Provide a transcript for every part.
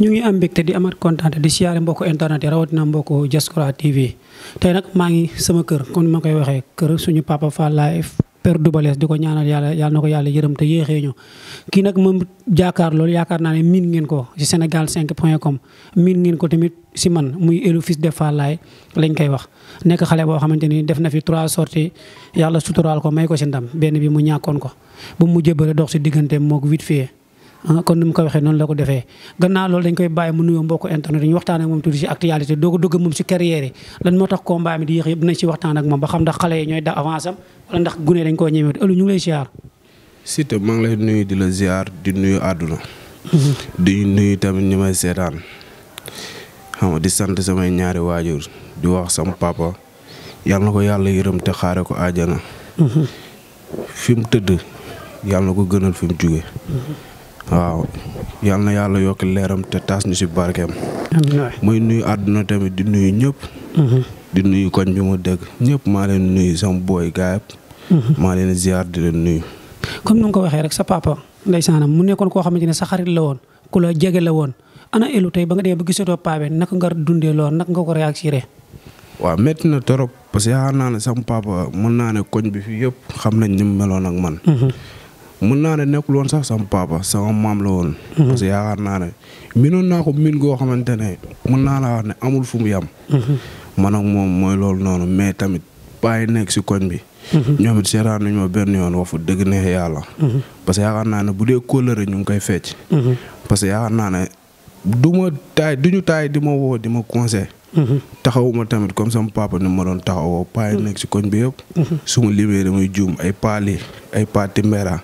ñu ngi am mbégte di amat kontaan di siyaare mbokku internet yi rawatina mbokku Diaspora TV tey nag maa ngi sama kër kon ma koy waxee kër suñu papa Fall père Dubales di ko ñaanal yàlla yàlla na ko yàlla yërëm te yéexee ñu kii nag moom jaakaar lool yaakaar naa ne miin ngeen ko ci Sénégal 5 point com miin ngeen ko tamit si man muy élu fils de Fallaye lañ koy wax. nekk xale boo xamante ni def na fi trois sorties yàlla suturaal ko may ko ci ndam benn bi mu ñàkkoon ko ba mu mujjee dox ci digganteem moog 8 fii Ah, kon ni mu ko waxee noonu la ko defee gannaaw loolu dañ koy bàyyi mu nuyoo mbokk internet dañu waxtaan ak moom tuuti si actualité doo ko dugg moom si tax combat mi di yéex yëpp nañ si waxtaan ak moom ba xam ndax xale yi ñooy da avance am wala ndax gune dañ koo ñu ngi lay ziar nuyu di la ziar di nuyu àdduna mhm. nuyu tamit ñu may seetaan xam di sant samay ñaari waajur di wax sama papa yàlla ko yàlla yërëm te xaare ko àjjana mhm. fi mu tëdd yàlla ko gënal fi mu jóge mhm. waaw yal na yàlla yokk leeram te taas ñu si barkeem. mooy nuyu àdduna tamit di nuyu ñëpp. Mm-hmm. di nuyu koñ bi mu dëgg ñëpp maa leen nuyu sama booy gaayab mm-hmm. maa leen ziar di leen nuyu. comme ni nga ko waxee rek sa papa ndeysaanam mu nekkoon koo xamante ne sa xarit la woon ku la jege la woon ana elu tey ba nga dee ba gisatoo paa bi naka nga dundee lool naka nga ko réagiré. waaw métti na torop parce que yaakaar naa ne sama papa mën naa ne koñ bi fii yëpp xam nañ ni mu meloon man. Mm-hmm. mun naa ne nekkul woon sax sama papa sama maam la woon. Mhm. parce yaakaar naa ne minoon naa ko min goo xamante ne mun naa la wax ne amul fu mu yam. Mhm. man moom mooy loolu noonu mais tamit bàyyi nekk si koñ bi. Mhm. ñoom it nañu benn yoon wax dëgg neex yàlla. parce que yaakaar naa ne bu ñu ngi koy fecc. parce que naa ne du ma taay du ñu taay di ma woo di ma conseil. taxawuma tamit comme sama papa ni ma doon taxawoo paa nekk si koñ bi yëpp. su ma muy damay juum ay paa ay paa timbera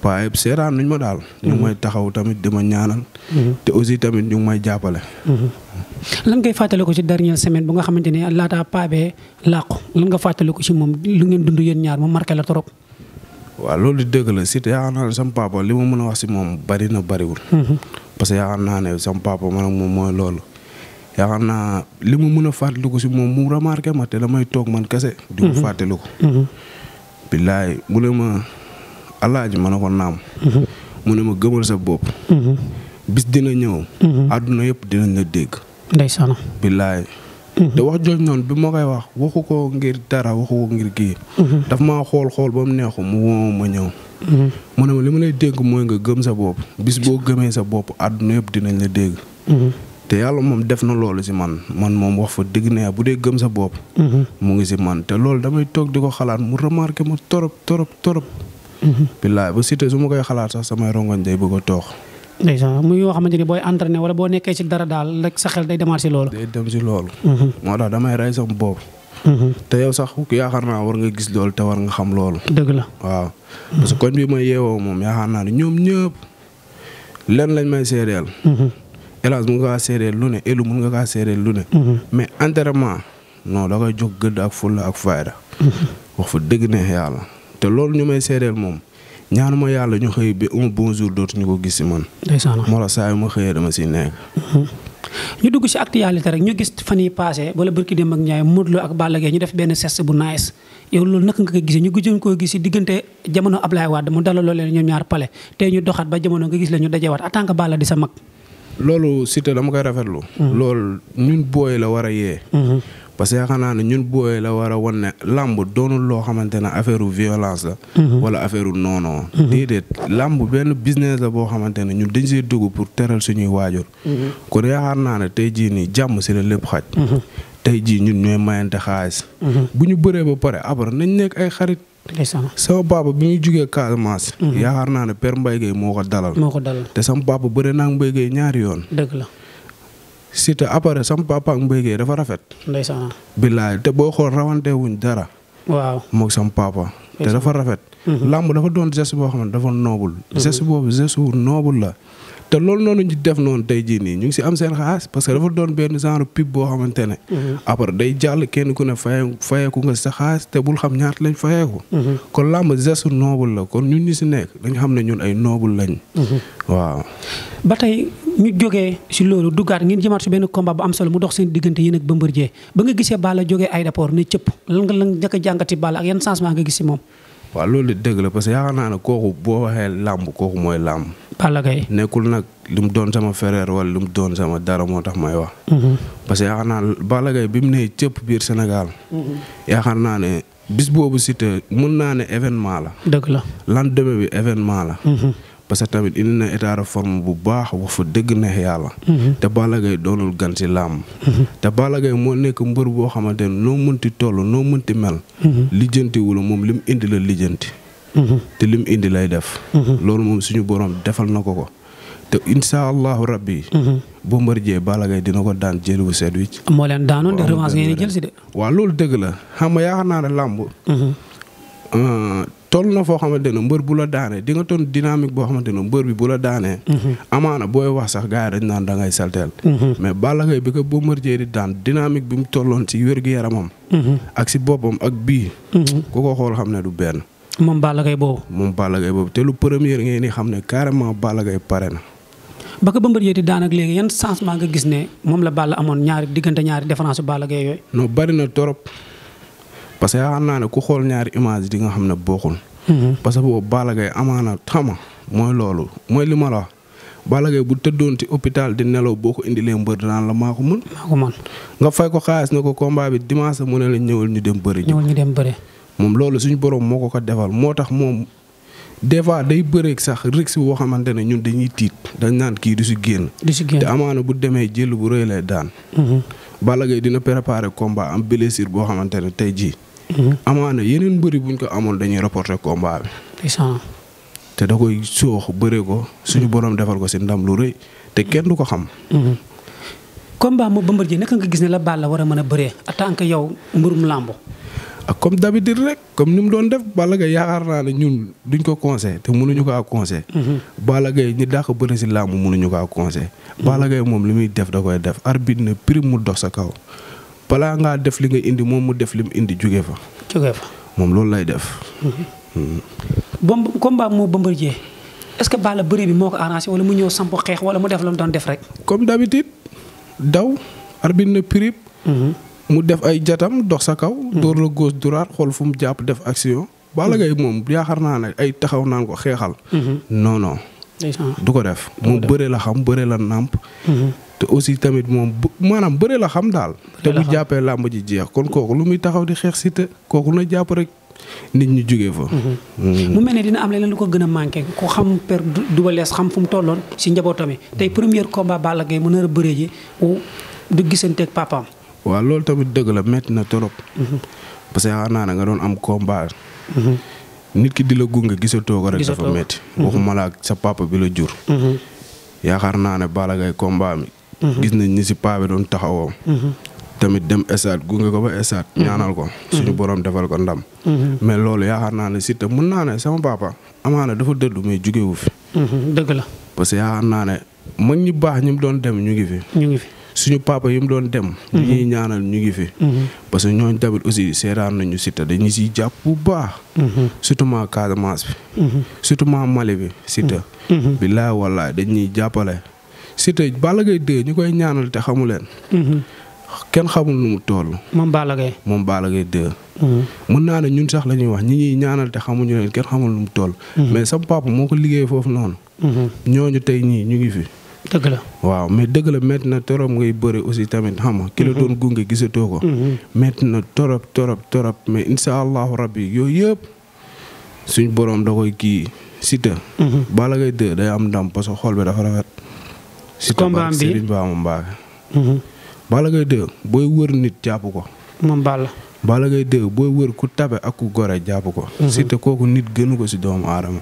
paa yëpp seetaan nañ ma daal. Mm-hmm. ñu ngi may taxaw tamit di ma ñaanal. Mm-hmm. te aussi tamit ñu ngi may jàppale. Mm-hmm. lan ngay fàttaliku ci dernière semaine bu nga xamante ne laataa paa bee làqu lan nga fàttaliku ci moom lu ngeen dund yéen ñaar mu marqué la trop. waaw loolu dëgg la Siteu yaakaar naa sam papa li ma mën a wax si moom bari na bariwul. parce que yaakaar naa ne sama papa man ak moom mooy loolu. yaakaar naa li ma mën a fàttaliku si moom mu remarqué ma te damay toog man kese. di ko fàttaliku. mu ne alaaji ma ne ko naam. Mhm. mu ne ma gëmal sa bopp. Mhm. bis dina ñëw. Mhm. àdduna yëpp dinañ la dégg. ndeysaan. billaay. te wax jooj noonu bi ma koy wax waxu ko ngir dara waxu ko ngir kii. daf ma xool xool ba mu neexu mu ma ñëw. mu ne ma li ma lay dénk mooy nga gëm sa bopp bis boo gëmee sa bopp àdduna yëpp dinañ la dégg. te yàlla moom def na loolu si man man moom wax fa dëgg ne bu dee gëm sa bopp. mu ngi si man te loolu damay toog di ko xalaat mu remarqué ma torop torop torop. billaay ba Siteu su ma koy xalaat sax samay rongoñ day bëgg a toox. ndeysaan muy yoo xamante ni booy entraîné wala boo nekkee ci dara daal rek sa xel day demaat si loolu. si loolu. Mm-hmm. moo tax damay rey sama bopp. Mm-hmm. te yow sax yaakaar naa war nga gis loolu te war nga xam loolu. dëgg la waaw. Mm-hmm. parce que koñ bi ma yeewoo moom naa ne ñoom lañ may seedeel. hélas mun nga kaa lu ne élu mun nga kaa seedeel lu ne. mais entraînement non da koy jóg gëdd ak fulla ak fayda. wax fa dëgg neex yàlla. te loolu ñu may seedeel moom ñaanuma yàlla ñu xëy ba un bon jour dootuñu ko gis si man. moo la saa ma xëyee dama si nekk. Mhm. ñu dugg si actualité rek ñu gis fan yii passé wala barki dem ak Ndiaye Modou Lo ak Balla Gaye ñu def benn sess bu nice yow loolu naka nga ko gisee ñu gëjoon koo gis si diggante jamono Ablaye Wade mu dalaloo leen ñoom ñaar pale tey ñu doxaat ba jamono nga gis la ñu dajewaat en tant que Balla di sa mag. loolu Siteu dama koy rafetlu. Mhm. loolu ñun booy la parce que yaakaar naa ne ñun booyee la war a wan ne làmb doonul loo xamante ne affaire violence la. Mhm. wala affaire noonoo. Mhm. déedéet làmb benn business la boo xamante ne ñun dañ see dugg pour teral suñuy waajur. Mhm. kon yaakaar naa ne tey jii nii jàmm si la lépp tey jii ñun ñooy mayante xaalis. ñu bëree ba pare après nañ nekk ay xarit. sama baaba bu muy jugee Casamance. yaakaar naa ne per Mbaye Gueye moo ko dalal. moo ko dalal te sama papa bëre naa Mbaye Gueye ñaari yoon. Siteu après sama papa ak Mbaye Guèye dafa rafet. ndeysaan. billaay te boo xool rawante wuñ dara. waaw moog sama papa. te dafa rafet. Mhm. làmb dafa doon geste boo xam ne dafa noobul. Mhm. geste boobu geste wu noobul la. te loolu noonu ñu def noonu tey jii nii ñu ngi si am seen xaas parce que dafa doon benn genre pub boo xamante ne. Mhm. après day jàll kenn ku ne faye fayeeku nga sa xaas te bul xam ñaata lañ fayeeku. kon làmb geste noobul la kon ñu ñu si nekk dañ xam ne ñun ay noobul lañ. waaw. ñu jógee si loolu duggaat ngeen jëmaat si benn combat bu am solo mu dox seen diggante yéen ak Bombardier ba nga gisee Balla jógee aéroport ne cëpp lan nga lan njëkk a la parce nekkul nag lu mu doon sama frère wala lu mu doon sama dara moo tax may wax. Mhm. parce que yaakaar naa ne Balla bi mu nee cëpp biir mhm. ne bis boobu Siteu mën naa ne événement la. dëgg la lan lendemain bi événement la. Mhm. parce que tamit indi na état de bu baax wax fa dëgg neex yàlla. Mm-hmm. te Balla Gaye doonul gan si làmb. Mm-hmm. te Balla Gaye moo nekk mbër boo xamante ne noo mënti toll noo mënti mel. Mm-hmm. lijjanti wu la moom indi la lijjanti. te lim indi lay def. loolu moom suñu borom defal na ko ko. te incha allahu rabbi. Bombardier Balla Gaye dina ko daan jël wu sedd wi. moo leen daanoon de revanche ngeen jël si de. waaw loolu dëgg la xam nga yaakaar naa ne làmb. toll na foo xamante ne mbër bu la daanee di nga toon dynamique boo xamante ne mbër bi bu la daanee. Mhm. amaana booy wax sax gars yi dañ naan da ngay salteel mhm. mais Balla Gaye bi ko Bombardier di daan bi mu tolloon si wér-gu-yaramam. Mhm. ak si boppam ak bii. ku xam ne du benn. moom Balla Gaye boobu. moom Balla Gaye boobu te lu premier ngeen ni xam ne carrément Balla Gaye pare na. ba ko Bombardier di daan ak léegi yan changement nga gis ne moom la Balla amoon ñaari diggante ñaari différence Balla Gaye yooyu. non bari na torop. parce que yaakaar naa ne ku xool ñaari image di nga xam ne bokkul. Mm-hmm. parce que boobu Balla Gaye amaana xama mooy loolu mooy li ma la wax. Balla Gaye bu tëddoon ci hôpital di nelaw boo ko indilee mbër dinaan la maa ko mën. nga fay ko xaalis na ko combat bi dimanche mu ne la ñëwal ñu dem bëri. ñëwal ñu dem bëri. moom loolu suñu borom moo ko ko defal moo tax moom des fois day bëreeg sax risque boo xamante ne ñun dañuy tiit dañ naan kii du si génn. du si génn te amaana bu demee jël bu rëy lay daan. Mm-hmm. Balla dina préparer combat am blessure boo xamante ne tey jii. Mhm. amaana yeneen bëri buñ ko amul dañuy reporter combat bi. te da koy soox bëree ko suñu mhm. borom defal ko si ndam lu rëy te kenn du ko xam. Mhm. combat moom Bombardier naka nga gis ne la la war a mën a bëree en tant que yow mbërum làmbo. ak ah, comme d'habitude rek comme ni mu doon def Balla Gaye yaakaar ñun duñ ko conseil te mënuñu ko ak conseil. Balla Gaye ñi si làmb mënuñu ko ak conseil. Balla Gaye moom lu muy def da koy def arbitre ne prime mu dox sa kaw. balaa ngaa def li nga indi moom mu def li mu indi jóge fa. jóge fa moom loolu lay def. Mm-hmm. Mm-hmm. bom combat moo Bombardier est-ce que Balla bëri bi moo ko arrangé wala mu ñëw samp xeex wala mu def la mu doon def rek. comme d'habitude daw arbitre na prip mm-hmm. mu def ay jatam dox sa kaw. door la gauche droite xool fu mu jàpp def action. Balla Gaye moom yaakaar naa ne ay taxaw naan ko xeexal. non du ko def mu bëre la xam bëre la nàmp. te aussi tamit moom maanaam bëre la xam daal. te bu jàppee làmb ji jeex kon kooku lu muy taxaw di xeex Siteu kooku na jàpp rek nit ñi jógee fa. Mhm. Mhm. mu mel ne dina am leneen lu ko gën a manqué ku xam per Double xam fu mu tolloon si njabootami tey mhm. premier combat Balla Gaye mu nar a bëree ji du gisanteeg papaam. waaw loolu tamit dëgg la metti na trop. parce que naa na nga doon am combat. nit ki di la gunge gisatoo ko rek. dafa métti waxuma la ak sa Mm-hmm. gis nañ ni si paa bi doon taxawoo. Mm-hmm. tamit dem esaat gunge ko ba esaat. Mm-hmm. ñaanal ko suñu borom defal ko ndam. mais loolu yaakaar naa ne Siteu mun naa ne sama papa amaana dafa dëddu mais jugee wu fi. dëgg la. parce que yaakaar naa ne mag ñi baax ñi mu doon dem ñu ngi fi. ñu ngi fi suñu papa yi mu doon dem. ñi ñaanal ñu ngi fi. parce que ñooñu tamit aussi seeraan nañu Siteu dañu siy jàpp baax. surtout Casamance bi. surtout Mali bi Siteu. bilaay wallaay dañuy jàppale. Siteu bala Gaye 2 ñu koy ñaanal te xamu leen. Mm-hmm. kenn xamul nu mu tool moom Balla Gaye. moom Balla Gaye 2. Mm-hmm. mën naa ne ñun sax la ñuy wax ñi ñuy ñaanal te xamuñu leen kenn xamul nu mu tool mm-hmm. mais sama papa moo ko liggéey foofu noonu. ñooñu tey ñii ñu ngi fi. dëgg la waaw mais dëgg la métti na torop ngay bëri aussi tamit xam nga ki la doon gunge gisatoo ko. metti na torop torop torop mais incha allahu rabbi yooyu yëpp suñ borom da koy kii Siteu. bala Gaye 2 day am ndam parce que xol bi dafa rafet. combat bi Serigne Bamba Mbacké. Mhm. Balla Gaye booy wër nit jàpp ko. moom Balla. Balla Gaye 2 booy wër ku tabe ak ku gore jàpp ko. Mhm. surtout kooku nit gënu ko si doomu aadama.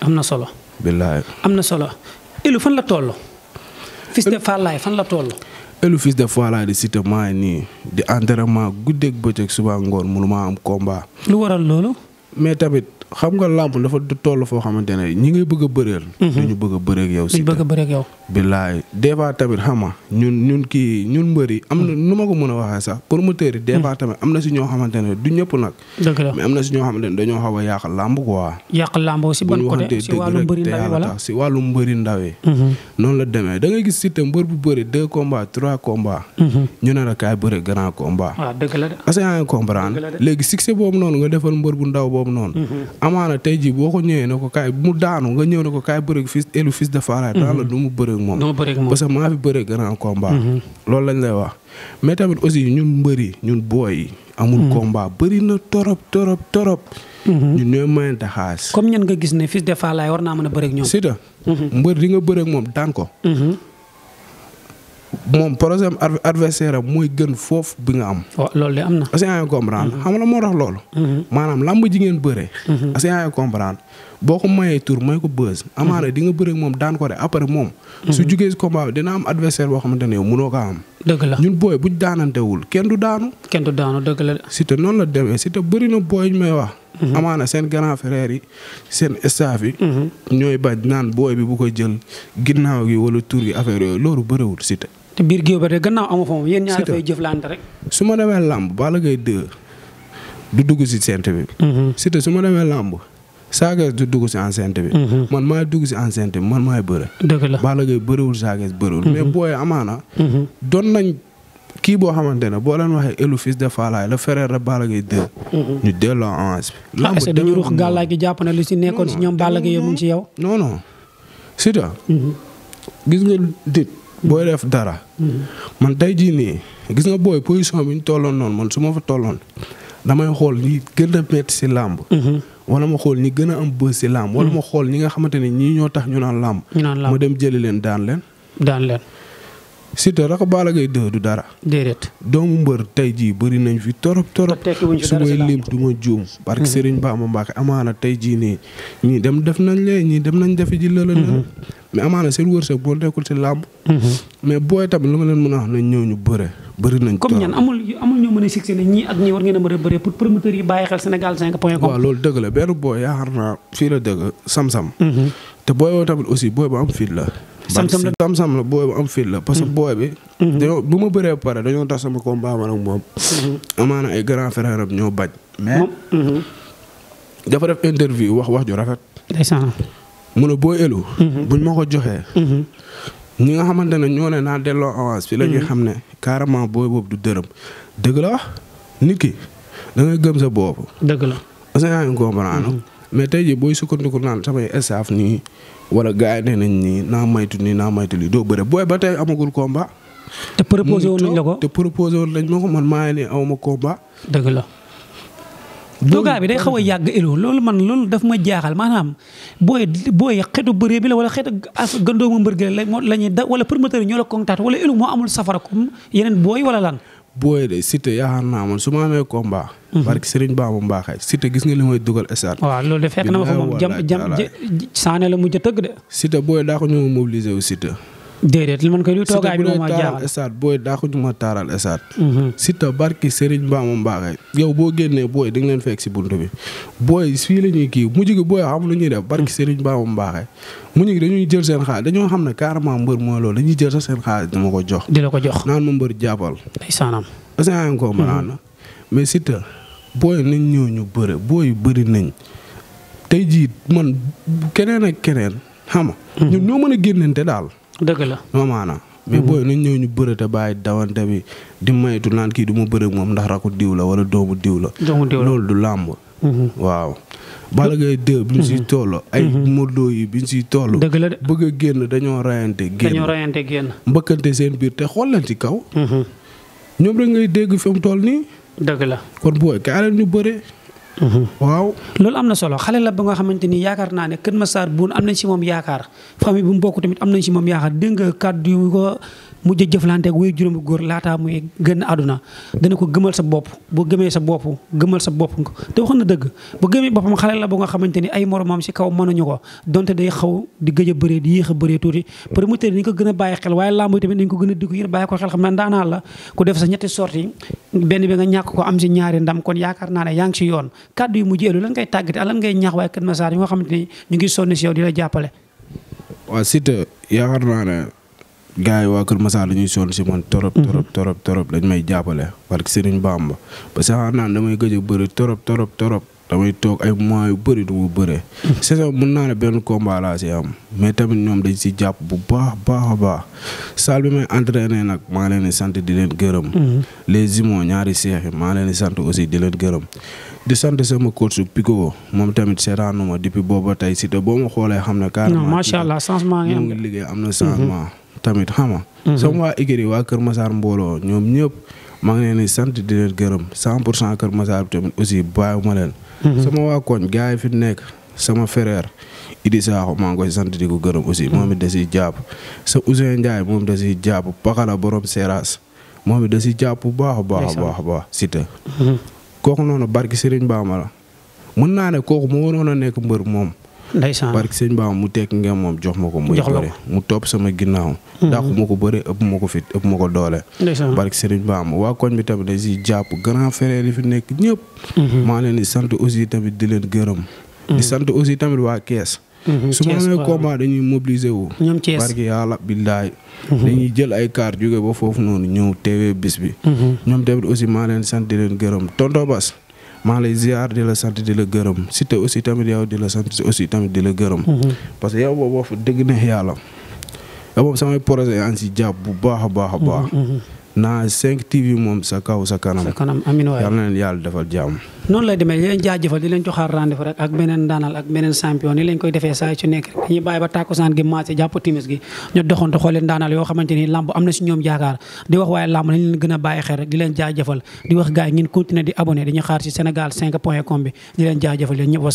am na solo. billaay am na solo. Elu fan la toll. Fils de Falaye fan la toll. Elu Fils de Falaye di Siteu maa ngi nii di entraînement guddeeg bëccëg suba ngoon mënu maa am combat. lu waral loolu. mais tamit. xam nga làmb dafa toll foo xamante ne ñi ngay bëgg a bëreel. Mhm. duñu bëgg a bëreeg yow. si bëgg a bëreeg yow. billaay des fois tamit xam nga ñun ñun kii ñun mbëri am na mhm. nu ma ko mën a waxee sax promoteur yi. des fois mhm. tamit am na si ñoo xamante ne du ñëpp nag. dëgg la mais am na si ñoo xamante ne dañoo xaw a yàq làmb quoi. yàq làmb si ban côté si wàllu mbëri ndaw wala si wàllu mbëri ndaw yi. noonu la demee da ngay gis si te mbër bu bëri deux combats trois combats. ñu ne la kaay bëre grand combat. waaw ah, dëgg la de. parce que yaa ngi comprendre léegi succès boobu noonu nga defal mbër bu ndaw boobu noonu amaana tey jii boo ko ñëwee na ko kaay mu daanu nga ñëw ne ko kaay bëreeg fils élu fils de Falla. Mhm. daan la du mu bëreeg moom. parce que maa fi bëreeg grand mhm. loolu lañ lay wax mais tamit aussi ñun mbëri ñun booy yi. amul mhm. combat bëri na torop torop torop. ñun ñooy mayante xaalis. comme ñan nga gis ne fils de Falla war naa mën a bëreeg ñoom. c'est ça mbër di nga bëreeg moom daan ko. moom projet am adversaire am mooy gën foofu bi nga am. waaw oh, loolu de am na. parce que yaa mm-hmm. xam la moo loolu. Mm-hmm. maanaam lam ji ngeen bëree. parce mm-hmm. que yaa boo ko mayee tur may ko bës. amaana di nga bëri moom daan ko de après moom. su jugee si combat bi dina am adversaire xamante ne yow mënoo ko am. dëgg la ñun booy buñ daanantewul kenn du daanu. kenn du daanu dëgg la. Siteu noonu la demee Siteu bëri na booy ñu may wax. amaana seen grand yi seen staff yi. ñooy bañ naan booy bi bu ko jël ginnaaw gi wala tur gi affaire yooyu loolu wul Siteu. te biir géew ba de gannaaw amu fa moom yéen ñaar dafay jëflante rek. su ma demee làmb Balla Gaye 2 mhm. du dugg si enceinte bi. surtout su ma demee làmb Sa du dugg si enceinte bi. man maay dugg si enceinte bi man maay bëre. dëgg la Balla Gaye bëriwul Sa Thiès bëriwul. Mhm. mais booy amaana. Mhm. doon nañ kii boo xamante ne boo leen waxee élu fils de Falaye la frère de Balla Gaye 2. ñu delloo avance bi. Ah, làmb demee dañu gàllaay gi jàpp na lu si nekkoon si ñoom Balla Gaye yow mu ngi si yow. non gis nga dit booy def dara. man tey jii nii gis nga booy position bi ñu tolloon noonu man su ma fa tolloon damay xool ñi gën a metti si làmb. wala ma xool ñi gën a am bës si làmb. wala ma xool ñi nga xamante ne ñii ñoo tax ñu naan làmb. ñu naan làmb ma dem jëli leen daan leen. daan leen. Siteu rako bala gay de du dara. dedet do mu mbeur tay ji beuri nañ fi torop torop. su may lim du ma juum. barke mhm. Serigne Bamba Mbacke amana tay ji ni ni dem def nañ le ni dem nañ def ji lële na mhm. mais amana sen wërse bo dekul ci lamb mhm. mais boy tam lu nga leen mën wax na ñew ñu beure beuri nañ comme ñan amul amul ñu mëna a succès ne ak ñi war ngeen mëna beure pour promoteur yi baye xel senegal 5.com wa com. deug la benn boy ya naa fi la deug sam-sam. te boy tam aussi boy ba am fi la samsam la samsam la booy bu am fit la mm-hmm. parce que booy bi mm-hmm. dañoo bu ma bëree pare dañoo tax sama combat man ak moom mm-hmm. amaana ay grand frère am ñoo bañ mais dafa def interview wax wax ju rafet ndeysaan mu ne booy elu buñ ma ko joxee ñi nga xamante ne ñoo ne naa delloo avance fi la ñuy xam ne carrément booy boobu du dërëm dëgg la wax nit ki da ngay gëm sa boobu dëgg la parce que yaa ngi comprendre mais tey jii booy sukkandiku naan samay staff nii wala gars nee nañ nii naa maytu nii na maytu lii doo bëre booy ba tey amagul combat. te proposé woon nañ la ko te proposé woon nañ ma ko man maa ngi nii awma combat. dëgg la. toogaay bi day xaw a yàgg elo loolu man loolu daf ma jaaxal maanaam booy booy xeetu bëree bi la wala xeetu as gëndoo ma mbërgële la ñuy da wala promoteur yi ñoo la kontaat wala elo moo amul safara comme yeneen booy wala lan. booy de Siteu yaakaar naa man su ma amee combat. Mhm. barke Serigne Bamba Mbaxay Siteu gis nga li may dugal stade. waaw loolu de fekk na ma ko moom jam jam saane la mujj a tëgg de. Siteu booy daa ko ñëw mobiliser wu Siteu. déedéet li man koy du toogaay bi moom a jaaxal stade booy daaxuñu ma taaral stade. Mhm. Siteu barki Serigne boo génnee booy di leen fekk si buntu bi booy fii la ñuy kii mujj booy xam lu ñuy def barki mm. Serigne Bamba Mbacké mujj gi dañuy jël seen xaalis dañoo xam ne carrément mbër mooy loolu dañuy jël seen xaar xaalis dama ko jox. di la ko jox naan ma mbër jàppal. ndeysaan am ko maanaam mm-hmm. mais Siteu booy nañ ñëw ñu bëre booy bëri nañ tey jii man keneen ak keneen xam nga mm-hmm. ñun ñoo mën a génnante daal dëgg la maanaam mais booy nañ ñëw ñu bëre te bàyyi dawante bi di maytu naan kii du ma bëre moom ndax rakku diw la wala doomu diw la. loolu du làmb. Mhm. waaw. Balla Gaye 2 bi ñu siy mhm. toll. ay mhm. Modou Lo yi bi ñu siy toll. a génn dañoo rayante génn dañoo rayante génn. mbëkkante seen biir te xool leen ci kaw. ñoom rek ngay dégg fi mu nii. dëgg la kon booy kaay leen ñu bëre. waaw loolu am na solo xale la ba nga xamante ni yaakaar naa ne Kër Massar buun am nañ si moom yaakaar famille bu mu bokk tamit am nañ si moom yaakaar dégg nga kàddu yu ko mujj jëflanteeg wuyu juróomi góor laataa muy gën àdduna dana ko gëmal sa bopp boo gëmee sa bopp gëmal sa bopp nga te wax na dëgg bu gëmee boppam xale la ba nga xamante ni ay moromam si kaw mënuñu ko donte day xaw di gëj a bëree di yéex a bëree tuuti promoteur ni ko gën a bàyyi xel waaye lamb yi tamit nañ ko gën a diggu ko xel xam ne ndaanaa la ku def sa ñetti sorti benn bi nga ñàkk ko am si ñaari ndam kon yaakaar naa ne yaa ngi si yoon kàddu yu mujj elu lan ngay tàggate lan ngay ñaax waaye Keur Massar yi nga xamante ngi sonni si yow di la jàppale waaw Siteu yaakaar naa gars yi waa Kër Massar dañuy sonn si man torop mhm. torop torop torop dañ may jàppale parce que Serigne Bamba ba saxaar naan damay gëj a bëri torop torop torop damay toog ay mois yu bëri du mu bëree mhm. saison mën naa ne benn combat laa si am mais tamit ñoom dañ si jàpp bu baax baax a baax salle bi may entraîné nag maa leen di sant di leen gërëm mhm. les imons ñaari seex yi maa leen di sant aussi di leen gërëm di sant sama coach Pico moom tamit seetaanu ma depuis booba tey si te boo ma xoolee xam ne carrément macha allah changement ngi am liggéey am na changement tamit xama mhm. sama waa Igri waa Kër Massar mbooloo ñoom ñëpp maa ngi leen di sant di leen gërëm 100 pour cent Kër Massar bi tamit aussi bàyyiwuma leen. Mhm. sama waa koñ gars fi nekk sama frère Idi Sakho maa ngi di ko gërëm aussi mhm. moom da siy jàpp. sa Ousin Ndiaye moom da siy jàpp Pakala borom Seras moom da siy jàpp bu baax a baax a baax a baax Siteu. kooku noonu barki Serigne Bamba la mën naa ne kooku moo waroon a nekk mbër moom. ndeysaan parce que sëñ Ba mu tekk ngeen moom jox ma ko. muy bëre mu topp sama ginnaaw. Mm-hmm. dàqu ma ko bëre ëpp ma ko fit ëpp ma ko doole. ndeysaan parce waa koñ bi tamit mm-hmm. di sant aussi tamit di leen gërëm. Mm-hmm. di sant aussi tamit waa Kees. su ma nee combat dañuy mobiliser wu. ñoom Thiès barke yàlla billaay. dañuy jël ay kaar jóge ba foofu noonu ñëw teewee bis bi. ñoom tamit aussi maa leen sant di leen gërëm tonton maa lay ziar di la sant di la gërëm si te aussi tamit yow di la sant aussi tamit di la gërëm. Mm-hmm. parce que yow boobu dëgg neex yàlla. yow moom samay projet yaa ngi si jàpp bu baax a baax a baax. Mm-hmm. naa 5 TV moom sa kaw sa kanam. sa kanam amiin defal jàmm. noonu lay demee di leen jaajëfal di leen joxaat rendez-vous rek ak beneen daanal ak beneen champion ni lañ koy defee saa su nekk dañuy bàyyi ba tàkkusaan gi maase jàpp timis gi ñu doxantu xool leen yoo xamante ni làmb am na si ñoom yaakaar di wax waaye làmb nañ leen gën a bàyyi di leen jaajëfal di wax gars yi ngeen continuer di abonné dañuy xaar si Sénégal 5 point